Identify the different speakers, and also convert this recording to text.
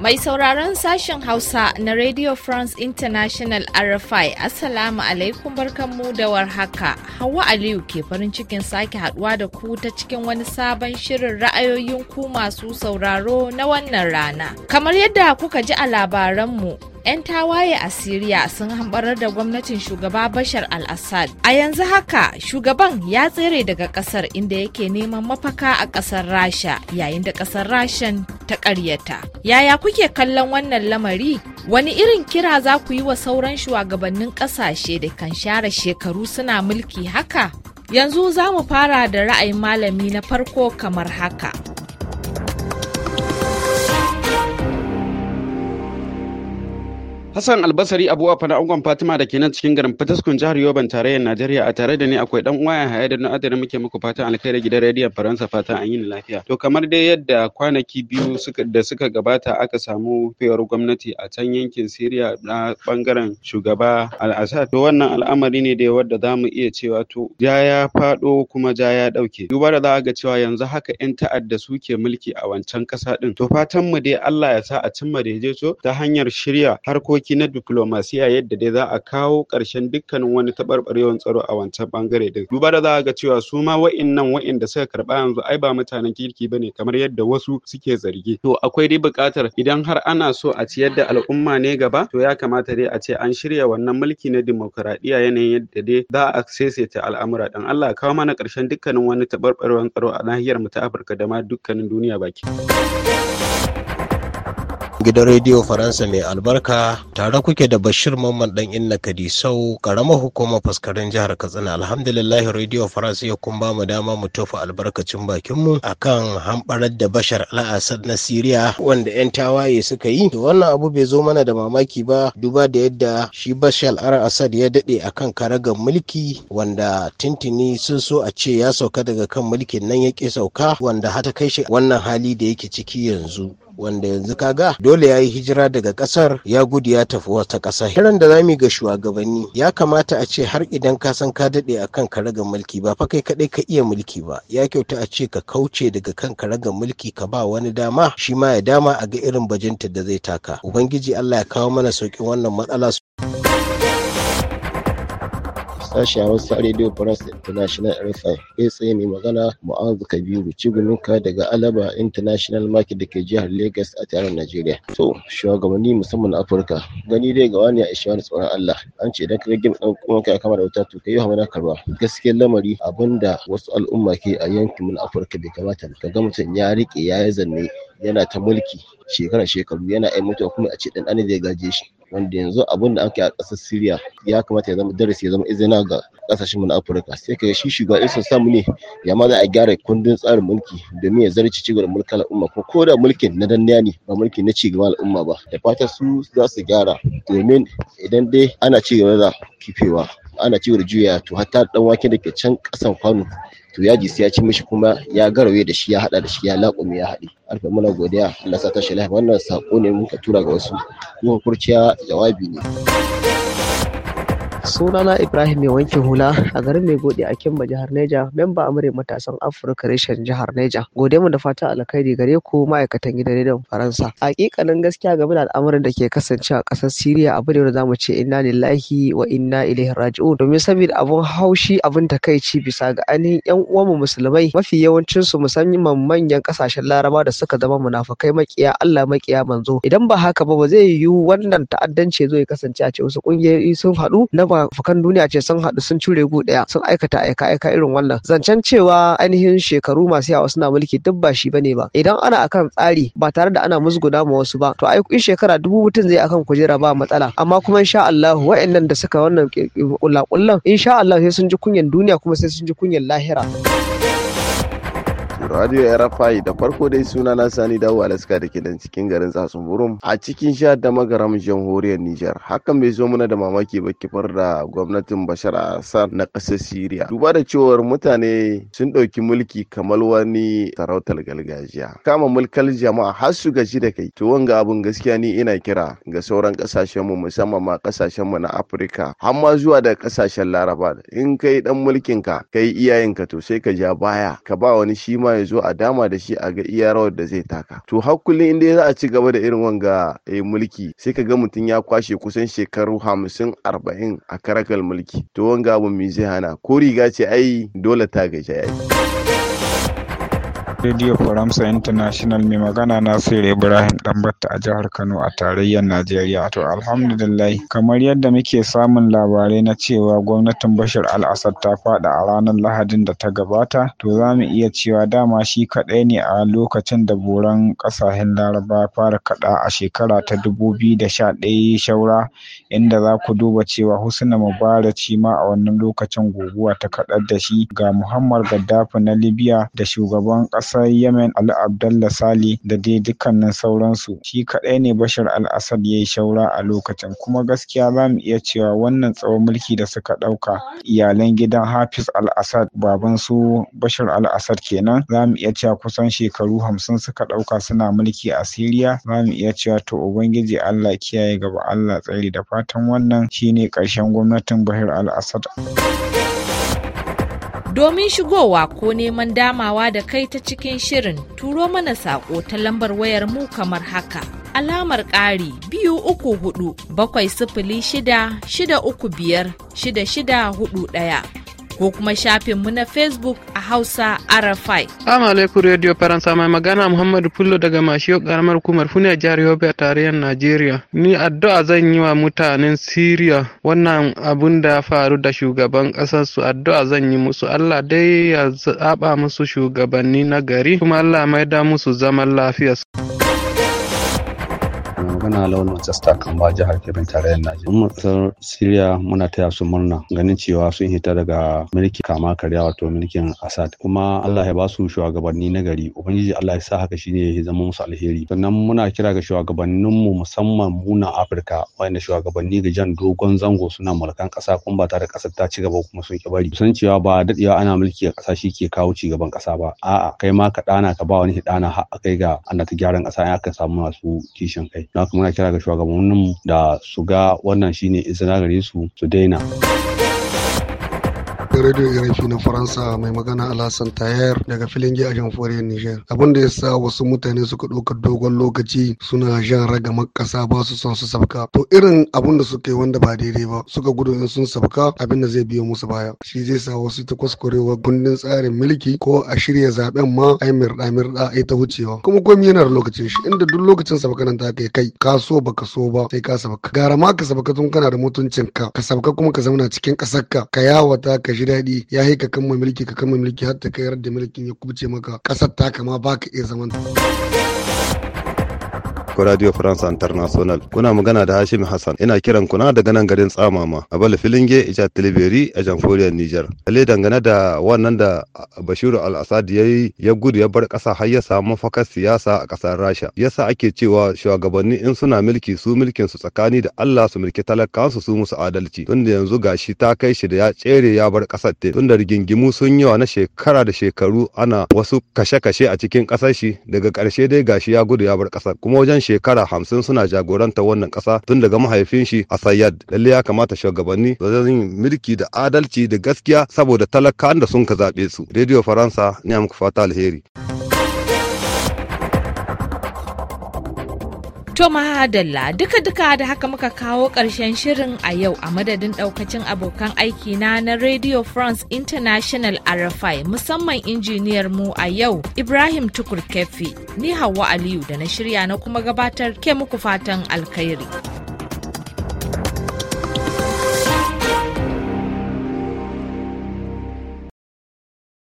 Speaker 1: Mai sauraron sashen Hausa na Radio France International RFI, Assalamu alaikum barkanmu da warhaka. Hauwa Aliyu ke farin cikin sake haduwa da ku ta cikin wani sabon shirin ra'ayoyin ku masu sauraro na wannan rana. Kamar yadda kuka ji a labaranmu, 'yan tawaye a Siriya sun hambarar da gwamnatin shugaba Bashar al-Assad. A yanzu haka shugaban ya tsere daga kasar inda yake neman mafaka a kasar Rasha yayin da kasar Rashan ta karyata. Yaya kuke kallon wannan lamari? Wani irin kira za ku yi wa sauran shugabannin ƙasashe da kan share shekaru suna mulki haka? Yanzu za mu fara da ra'ayin malami na farko kamar haka.
Speaker 2: Hassan Albasari Abu Afa na angon Fatima da ke nan cikin garin Fataskun jihar Yoban tarayyar Najeriya a tare da ni akwai dan waya haya da na adana muke muku fatan alkhairi gidan rediyon Faransa fatan an yi lafiya. To kamar dai yadda kwanaki biyu da suka gabata aka samu fiyar gwamnati a can yankin Syria na bangaren shugaba Al-Assad. To wannan al'amari ne da wadda zamu iya cewa to ja ya fado kuma ja ya dauke. Duba da za ga cewa yanzu haka yan ta'adda suke mulki a wancan kasa din. To fatan mu dai Allah ya sa a cimma daidaito ta hanyar shirya harkokin harkoki na diplomasiya yadda dai za a kawo ƙarshen dukkanin wani taɓarɓarewar tsaro a wancan ɓangare din duba da za a ga cewa su ma wa'innan wa'inda suka karɓa yanzu ai ba mutanen kirki bane kamar yadda wasu suke zargi to akwai dai buƙatar idan har ana so a ciyar da al'umma ne gaba to ya kamata dai a ce an shirya wannan mulki na dimokuraɗiyya yanayin yadda dai za a saisaita al'amura dan Allah kawo mana ƙarshen dukkanin wani taɓarɓarewar tsaro a nahiyar mu ta Afirka da ma dukkanin duniya baki.
Speaker 3: Gidan Rediyo Faransa mai albarka tare kuke da Bashir Mamman dan Inna Kadisau karamar hukumar faskarin jihar Katsina. Alhamdulillah Rediyo Faransa ya kun ba mu dama mu tofa albarkacin bakinmu akan hamɓarar da Bashar al na Siriya wanda 'yan tawaye suka yi. To Wannan abu bai zo mana da mamaki ba duba da yadda shi Bashar al-Assad ya daɗe akan karagar mulki wanda tintini sun so a ce ya sauka daga kan mulkin nan ya ƙi sauka wanda hata kai shi wannan hali da yake ciki yanzu wanda yanzu kaga dole ya yi hijira daga kasar ya gudu ya tafi wata kasa kiran da zamu ga shugabanni ya kamata a ce har idan ka san ka dade akan karagar mulki ba fa kai kadai ka iya mulki ba ya kyauta a ce ka kauce daga kan karagar mulki ka ba wani dama shi ma ya dama a ga irin bajinta da zai taka ubangiji
Speaker 4: Allah ya kawo mana saukin wannan matsala Sashi a wasu Radio France International RFI. ya tsaye mai magana Mu'azu Kabiru Cigunuka daga Alaba International Market da ke jihar Lagos a tarin Najeriya. To, shugabanni musamman Afirka, gani dai ga wani a ishawar tsoron Allah. An ce idan ka gim ɗan kuma kai kama da wuta to kai mana karba. Gaskiyar lamari abinda wasu al'umma ke a yankin Afirka bai kamata ba. Ka ga mutum ya riƙe ya yi zanne yana ta mulki shekara shekaru yana ai mutuwa kuma a ce ɗan ne zai gaje shi. wanda yanzu abun da aka yi a ƙasar Siriya ya kamata ya zama darasi ya zama izina ga mu na Afirka sai ka shi shugaban Isa samu ne ya ma za a gyara kundin tsarin mulki domin ya zarci cigaba da mulkin al'umma ko ko da mulkin na danniya ne ba mulkin na cigaba al'umma ba da fata su za su gyara domin idan dai ana cigaba da kifewa ana da juya to hatta dan wake da ke can kasan kwano to yaji sai ya ci mishi kuma ya garwaye da shi ya hada da shi ya laƙume ya haɗe arfa muna godiya Allah sa ta shi wannan sako ne mun ka tura ga wasu kuma kurciya jawabi ne Sunana Ibrahim mai wankin hula a garin Mai Gode a Kimba jihar Neja, memba a amure matasan Afirka reshen jihar Neja. Gode mu da fatan alkhairi gare ku ma'aikatan gidan redon Faransa. Hakikanin gaskiya game da al'amuran da ke kasancewa a ƙasar Siriya abu ne da zamu ce inna lillahi wa inna ilaihi raji'un. Domin saboda abun haushi abun takaici bisa ga ainihin yan uwanmu musulmai mafi yawancin su musamman manyan kasashen Laraba da suka zama munafukai makiya Allah makiya manzo. Idan ba haka ba ba zai yiwu wannan ta'addanci zai kasance a ce wasu kungiyoyi sun haɗu na fukan duniya ce sun haɗu sun cire gu ɗaya sun aikata aika aika irin wannan zancen cewa ainihin shekaru masu yawa suna mulki duk ba shi bane ba idan ana akan tsari ba tare da ana musguna ma wasu ba to ai in shekara dubu mutum zai akan kujera ba matsala amma kuma insha Allah wa'annan da suka wannan kullakullan insha Allah sai sun ji kunyan duniya kuma sai sun ji kunyan lahira. Radio RFI da farko dai suna na Sani Dawo Alaska da ke cikin garin Tsatsun Burum a cikin sha da magaram jamhuriyar Nijar. Hakan bai zo muna da mamaki ba kifar da gwamnatin Bashar Assad na ƙasar Siriya. Duba da cewar mutane sun ɗauki mulki kamar wani sarautar gargajiya. Kama mulkar jama'a har su gaji da kai. To wanga abun gaskiya ni ina kira ga sauran ƙasashen mu musamman ma ƙasashen mu na Afirka har ma zuwa da ƙasashen Laraba. In kai dan mulkin ka kai iyayenka to sai ka ja baya ka ba wani shi ma ya zo a dama da shi a ga iya rawar da zai taka to har kullum inda za a ci gaba da irin wanga eh, mulki sai ka ga mutum ya kwashe kusan shekaru hamsin arba'in a karakal mulki to wanga abu mai zai hana ko riga ce ai dole ta gaji yi.
Speaker 5: Radio Faransa International mai magana Nasir Ibrahim Ɗanbatta a jihar Kano a tarayyar Najeriya. To alhamdulillah kamar yadda muke samun labarai na cewa gwamnatin Bashar al-Assad ta faɗa a ranar Lahadin da ta gabata, to za mu iya cewa dama shi kaɗai ne a lokacin da boran ƙasashen Laraba fara kaɗa a shekara ta dubu biyu da sha ɗaya shaura inda za ku duba cewa Husna Mubarak shi ma a wannan lokacin guguwa ta kaɗar da shi ga Muhammad Gaddafi na Libya da shugaban ƙasa ƙasar Yemen Ali Abdullah Saleh da dai dukkanin sauransu shi kaɗai ne Bashar al-Assad ya yi shaura a lokacin kuma gaskiya za mu iya cewa wannan tsawon mulki da suka ɗauka iyalan gidan Hafiz al-Assad baban su Bashar al-Assad kenan za mu iya cewa kusan shekaru hamsin suka ɗauka suna mulki a Siriya za mu iya cewa to Ubangiji Allah kiyaye gaba Allah tsari da fatan wannan shine ƙarshen gwamnatin Bashar al-Assad.
Speaker 1: Domin shigowa ko neman damawa da kai ta cikin shirin turo mana saƙo ta lambar wayar mu kamar haka. Alamar ƙari biyu uku hudu bakwai sifili shida shida uku biyar shida shida hudu ɗaya. ko kuma shafinmu na Facebook a Hausa RFI.
Speaker 2: Assalamu alaikum Radio Faransa mai magana Muhammadu Pullo daga Mashiyo karamar hukumar a jihar Yobe a tarayyar Najeriya. Ni addu'a zan yi wa mutanen Syria wannan abun da ya faru da shugaban ƙasar su addu'a zan yi musu Allah dai ya zaba musu shugabanni na gari kuma Allah mai da musu zaman lafiya. magana launin Manchester ba jihar Kebbi tarayyar Najeriya. Mun kasar Syria muna taya su murna ganin cewa sun hita daga mulki kama karya wato mulkin Assad kuma Allah ya ba su shugabanni na gari ubangiji Allah ya sa haka shine ya zama musu alheri. Sannan muna kira ga shugabannin mu musamman mu na Afirka wanda shugabanni ga jan dogon zango suna mulkan kasa kuma ba tare kasar ta ci gaba kuma sun ki bari. sun cewa ba dadewa ana mulki a kasa shi ke kawo ci gaban kasa ba. A'a kai ma ka dana ka ba wani hidana har kai ga ana ta gyaran kasa ya ka samu masu kishin kai. Na muna kira ga shugabanninmu da su ga wannan shine izina gare su su daina. gidan rediyo irin na faransa mai magana alhassan tayar daga filin a jamforiyar niger abin da ya sa wasu mutane suka ɗauka dogon lokaci suna jan raga ƙasa ba su son su sabka to irin abin da suka yi wanda ba daidai ba suka gudu in sun sabka abinda zai biyo musu baya shi zai sa wasu ta kwaskwarewa gundin tsarin mulki ko a shirya zaben ma ai mirɗa mirɗa ai ta wucewa kuma komi yana da lokacin shi inda duk lokacin sabka nan ta kai kai ka so baka so ba sai ka sabka gara ma ka sabka tun kana da mutuncin ka ka sabka kuma ka zauna cikin ƙasar ka ka yawata ka ji daɗi ya haika kan mai mulki ka kan mai mulki har ta kai da mulkin ya kubce maka ƙasar ta kama baka iya zaman. ko Radio France International. Kuna magana da Hashim Hassan. Ina kiran kuna daga nan garin Tsamama, a Bala Filinge, Ija Tilibiri a Jamhuriya Niger. Kale dangane da wannan da Bashiru Al-Assad ya yi ya gudu ya bar ƙasa har ya samu fakar siyasa a ƙasar Rasha. Yasa ake cewa shugabanni in suna mulki su mulkin su tsakani da Allah su mulki talakansu su musu adalci. Tunda yanzu gashi ta kai shi da ya tsere ya bar ƙasar te. Tunda rigingimu sun yawa na shekara da shekaru ana wasu kashe-kashe a cikin ƙasar shi daga ƙarshe dai gashi ya gudu ya bar ƙasar. Kuma wajen Yan shekara hamsin suna jagoranta wannan ƙasa tun daga mahaifin shi a sayyad lalle ya kamata shugabanni da yin mulki da adalci da gaskiya saboda talakawan da sun ka zaɓe su rediyo faransa ne muku fata alheri
Speaker 1: To mahadalla duka-duka da haka muka kawo ƙarshen shirin a yau a madadin ɗaukacin abokan aiki na na Radio France International RFI musamman injiniyar mu a yau Ibrahim Tukur Kefi ni Hauwa Aliyu da na shirya na kuma gabatar ke muku fatan alkhairi.